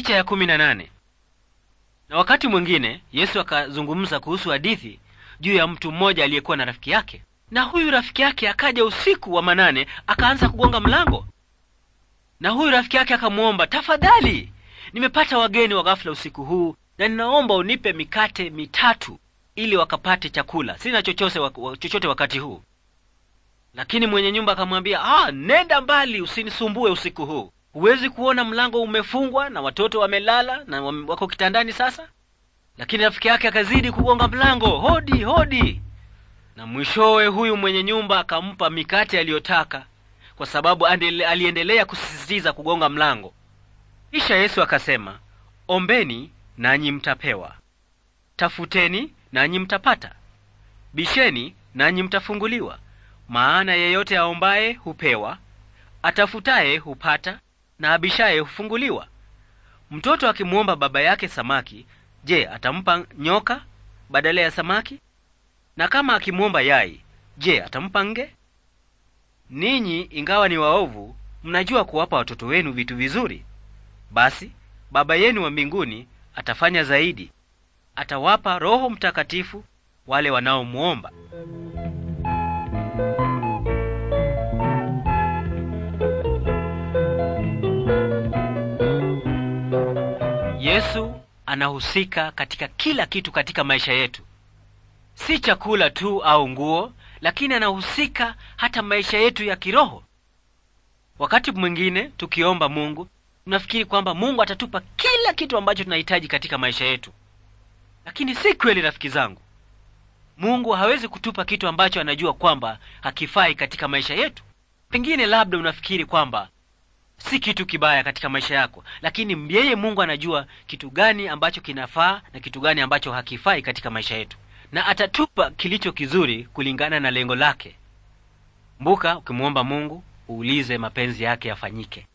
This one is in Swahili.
Picha ya kumi na nane. Na wakati mwingine Yesu akazungumza kuhusu hadithi juu ya mtu mmoja aliyekuwa na rafiki yake, na huyu rafiki yake akaja usiku wa manane, akaanza kugonga mlango, na huyu rafiki yake akamwomba, tafadhali, nimepata wageni wa ghafla usiku huu, na ninaomba unipe mikate mitatu ili wakapate chakula, sina chochote wakati huu. Lakini mwenye nyumba akamwambia, ah, nenda mbali, usinisumbue usiku huu Huwezi kuona mlango umefungwa na watoto wamelala na wako kitandani sasa, lakini rafiki yake akazidi kugonga mlango, hodi hodi, na mwishowe huyu mwenye nyumba akampa mikate aliyotaka, kwa sababu aliendelea kusisitiza kugonga mlango. Kisha Yesu akasema, ombeni nanyi mtapewa, tafuteni nanyi mtapata, bisheni nanyi mtafunguliwa. Maana yeyote aombaye hupewa, atafutaye hupata na Abishaye hufunguliwa. Mtoto akimwomba baba yake samaki, je, atampa nyoka badala ya samaki? Na kama akimwomba yai, je, atampa nge? Ninyi ingawa ni waovu, mnajua kuwapa watoto wenu vitu vizuri. Basi Baba yenu wa mbinguni atafanya zaidi, atawapa Roho Mtakatifu wale wanaomwomba. Yesu anahusika katika kila kitu katika maisha yetu, si chakula tu au nguo, lakini anahusika hata maisha yetu ya kiroho. Wakati mwingine tukiomba Mungu tunafikiri kwamba Mungu atatupa kila kitu ambacho tunahitaji katika maisha yetu, lakini si kweli, rafiki zangu. Mungu hawezi kutupa kitu ambacho anajua kwamba hakifai katika maisha yetu. Pengine labda unafikiri kwamba si kitu kibaya katika maisha yako, lakini yeye Mungu anajua kitu gani ambacho kinafaa na kitu gani ambacho hakifai katika maisha yetu, na atatupa kilicho kizuri kulingana na lengo lake. Mbuka, ukimwomba Mungu uulize mapenzi yake yafanyike.